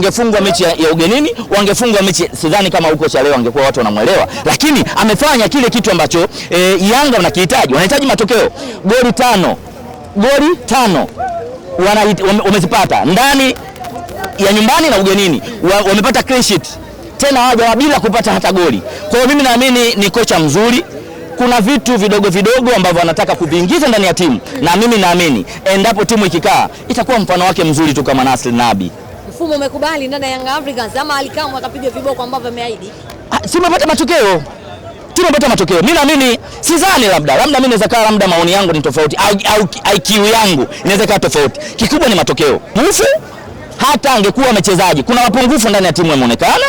Wangefungwa mechi ya, ugenini, wangefungwa mechi sidhani kama huko cha leo angekuwa watu wanamuelewa, lakini amefanya kile kitu ambacho e, Yanga wanakihitaji, wanahitaji matokeo. Goli tano, goli tano wamezipata ndani ya nyumbani na ugenini, wamepata clean sheet tena hawajawa bila kupata hata goli. Kwa hiyo mimi naamini ni kocha mzuri kuna vitu vidogo vidogo ambavyo anataka kuviingiza ndani ya timu, na mimi naamini endapo timu ikikaa itakuwa mfano wake mzuri tu kama Nasri Nabi mfumo umekubali ndani ya Young Africans ama alikamwe akapiga viboko ambavyo ameahidi? Ah, si umepata matokeo tunapata matokeo. Mimi naamini, sidhani, labda labda mimi naweza kaa, labda maoni yangu ni tofauti au IQ yangu inaweza kaa tofauti. Kikubwa ni matokeo. Mfu hata angekuwa mchezaji, kuna mapungufu ndani ya timu yameonekana,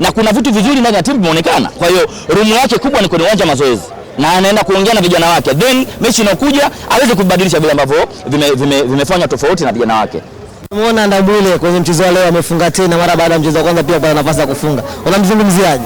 na kuna vitu vizuri ndani ya timu vimeonekana. Kwa hiyo rumu yake kubwa ni kwenye uwanja wa mazoezi, na anaenda kuongea na vijana wake, then mechi inayokuja aweze kubadilisha vile ambavyo vimefanya vime, vime tofauti na vijana wake. Tumeona Ndabwile kwenye mchezo wa leo amefunga tena mara baada ya mchezo wa kwanza pia kupata nafasi ya kufunga. Unamzungumziaje?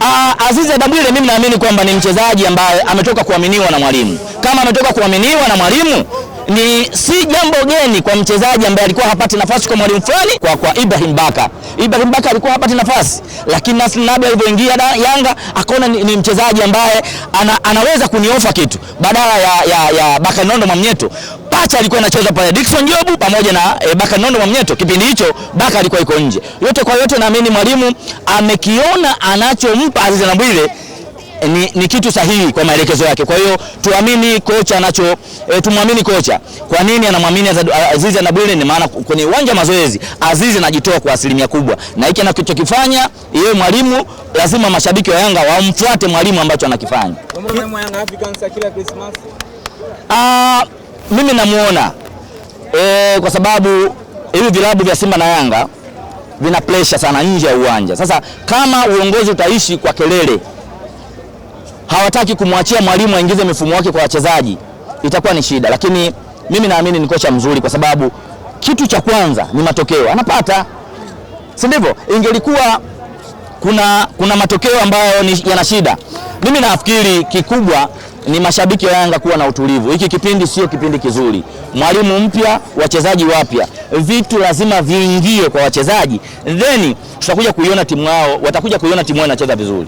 Uh, ah, Azizi Ndabwile mimi naamini kwamba ni mchezaji ambaye ametoka kuaminiwa na mwalimu. Kama ametoka kuaminiwa na mwalimu, ni si jambo geni kwa mchezaji ambaye alikuwa hapati nafasi kwa mwalimu fulani, kwa kwa Ibrahim Baka. Ibrahim Baka alikuwa hapati nafasi, lakini Nasri Nabi alivyoingia Yanga akaona ni, ni mchezaji ambaye ana, anaweza kuniofa kitu badala ya, ya, ya Baka Nondo Mwamnyeto. Pacha alikuwa anacheza pale Dickson Jobu pamoja na e, eh, Baka Nondo Mwamnyeto. Kipindi hicho Baka alikuwa iko nje. Yote kwa yote, naamini mwalimu amekiona anachompa Aziz Nabwile ni, ni kitu sahihi kwa maelekezo yake. Kwa hiyo tuamini kocha anacho e, tumwamini kocha. Kwa nini anamwamini Azizi Ansari? Ni maana kwenye uwanja mazoezi Azizi anajitoa kwa asilimia kubwa, na hiki anachokifanya yeye mwalimu, lazima mashabiki wa Yanga wamfuate mwalimu ambacho anakifanya. Ah, mimi namuona e, kwa sababu hivi vilabu vya Simba na Yanga vina pressure sana nje ya uwanja. Sasa kama uongozi utaishi kwa kelele hawataki kumwachia mwalimu aingize mifumo wake kwa wachezaji, itakuwa ni shida, lakini mimi naamini ni kocha mzuri, kwa sababu kitu cha kwanza ni matokeo anapata, si ndivyo? Ingelikuwa kuna, kuna matokeo ambayo yana shida. Mimi nafikiri kikubwa ni mashabiki wa Yanga kuwa na utulivu. Hiki kipindi sio kipindi kizuri, mwalimu mpya, wachezaji wapya, vitu lazima viingie kwa wachezaji, then tutakuja kuiona timu yao, watakuja kuiona timu yao inacheza vizuri.